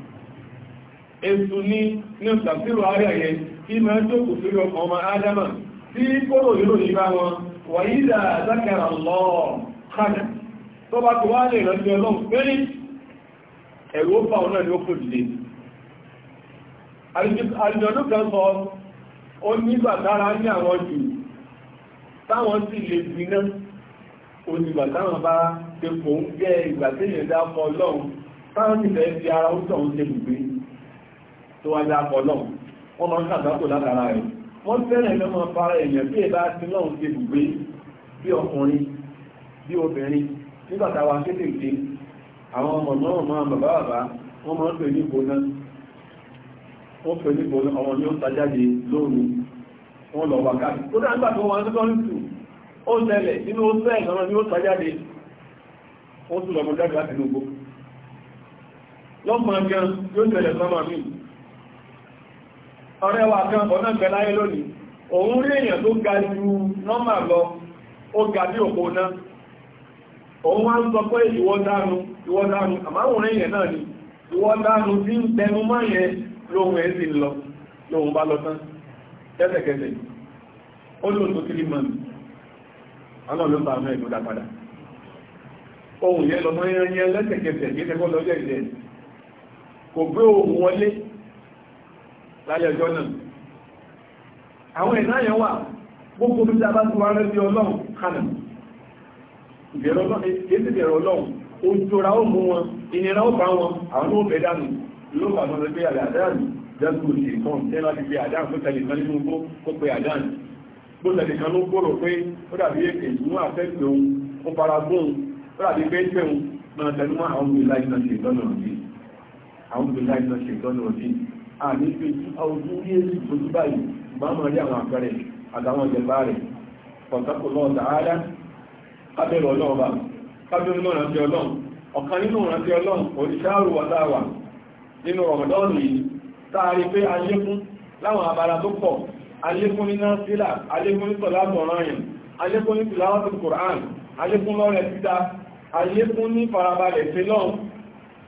èsù ní ní ìtàfíìrò ayẹyẹ kí máa jókòó sórí ọkàn ọmọ ádámà tí kóró yóò ní bá wọn wàyí ìdá zákàrà lọ kánà tó bá ti wá lè rántí ọlọ́run péré ẹ̀rù ó bá ọ̀nà ni ó kò dìde àjọ̀dún kan sọ ó nígbà tára ní àwọn jù táwọn sì lè gbiná onígbà táwọn bá tepò ń jẹ́ ìgbà téèyàn dá ọkọ̀ ọlọ́run táwọn sì fẹ́ fi ara ó tọ̀ ń ṣe tó wá dá akọ náà wọ́n máa ń ṣàdápò látara rẹ̀ wọ́n fẹ́rẹ̀ mẹ́mọ́ para èèyàn bí ẹ̀bá ti náà ṣe bùgbé bí ọkùnrin bí obìnrin nígbà táwa kéékèèké àwọn ọmọ náà máa bàbá bàbá wọ́n máa ń pè ní ìgbóná wọ́n pè ní ìgbóná ọmọ ni ó tajáde lóru wọ́n lọ wà káàkiri tó dáńgbà tó wà ní kọ́ńtù ó ṣẹlẹ̀ nínú ó fẹ́ ìgbọ́nà ni ó tajáde ó tún lọ́mọ jáde láti nùgbó lọ́mọ gan yóò ṣẹlẹ̀ sọ́mọ míì ọ̀rẹ́ wa kan ọ̀nà pẹ̀láyé lónìí òun rí èèyàn tó ga ju nọ́mà lọ ó ga bí òpó náà òun wá ń sọ pé ìwọ dánu ìwọ dánu àmáhùn èèyàn náà ni ìwọ dánu tí ń tẹnu mọ́ yẹn lóhun ẹ̀ sì lọ lóhun bá lọ tán tẹ́sẹ̀kẹsẹ̀ ó lò láyé ọjọ́ náà àwọn ẹ̀nà yẹn wà gbogbo bí sábà tó wá rẹ̀ sí ọlọ́run kánà ìbẹ̀rẹ̀ ọlọ́run ojúra ó mú wọn ìnira ó bá wọn àwọn ló fẹ́ dànù ló bà mọ́ pé àlẹ́ àdáàlù jẹ́kù sí kan tẹ́ láti fi àdáàlù tó tẹ̀lé kan nínú gbó kó pe àdáàlù gbó tẹ̀lé kan ló gbòrò pé ó dàbí èsì mú àfẹ́fẹ́ òun ó fara gbóhun ó dàbí pé pé òun máa tẹnu mọ́ àwọn òbí àwọn òbí ṣe ìtọ́nà òdì àní pé ojú rí èsì ojú báyìí bá mọ̀ rí àwọn àpẹẹrẹ àtàwọn ìjẹ̀bá rẹ̀ kọ̀ǹtàkù náà dáadáa kábẹ̀rẹ̀ ọlọ́run bá kábẹ̀rẹ̀ náà rántí ọlọ́run ọ̀kan nínú rántí ọlọ́run oníṣàrù wà táwà nínú rọ̀mọ̀dọ́ọ̀nù yìí táàrí pé alékún láwọn abala tó pọ̀ alékún ní násílà alékún ní tọ̀látọ̀ranyàn alékún ní tìláwọ́tò kòrán alékún lọ́rẹ̀ títà alékún ní farabalẹ̀ sílọ́n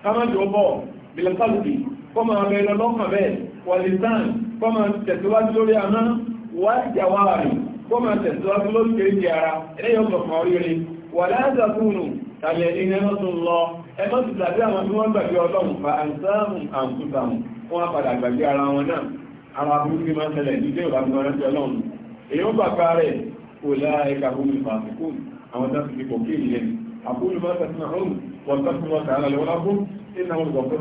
kámájọ́bọ̀ bilẹ̀kálùbì kọmọ abẹ lọ́lọ́kàn bẹ́ẹ̀ wàlìsàn kọmọ tẹ̀síwájú lórí àná wájàwárì kọmọ tẹ̀síwájú lórí kéèkì ara ẹlẹ́yọ̀ kọ̀ọ̀kan oríire wà láàzàkúnù tàbí ẹni ẹmọ́ tó ń lọ ẹmọ́ ti tàbí àwọn tí wọ́n gbàgbé ọlọ́run fa àǹsáàmù àǹkúsàmù wọ́n á padà gbàgbé ara wọn náà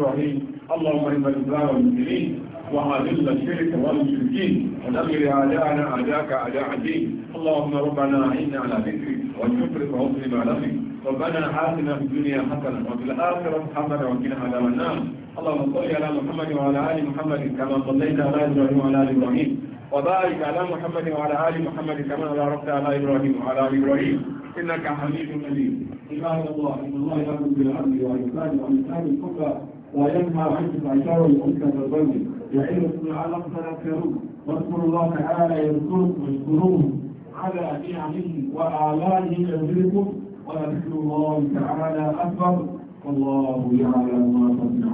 àwọn اللهم إن الإسلام والمسلمين وأذل الشرك والمشركين ودمر أعداءنا أعداءك أعداء الدين اللهم ربنا أعنا على ذكرك وشكرك على ذكرك ربنا آتنا في الدنيا حسنة وفي الآخرة محمدا وقنا على النار اللهم صل على محمد وعلى آل محمد كما صليت على إبراهيم وعلى آل إبراهيم وبارك على محمد وعلى آل محمد كما باركت على إبراهيم وعلى آل إبراهيم إنك حميد مجيد عباد الله إن الله يأمر بالعدل والإحسان وإيتاء الكفر وينهى عن الفحشاء والمنكر والبغي يعظكم لعلكم تذكرون واذكروا الله تعالى يذكركم واشكروه على نعمه وآلائه يذكركم ولذكر الله تعالى أكبر والله يعلم ما تصنعون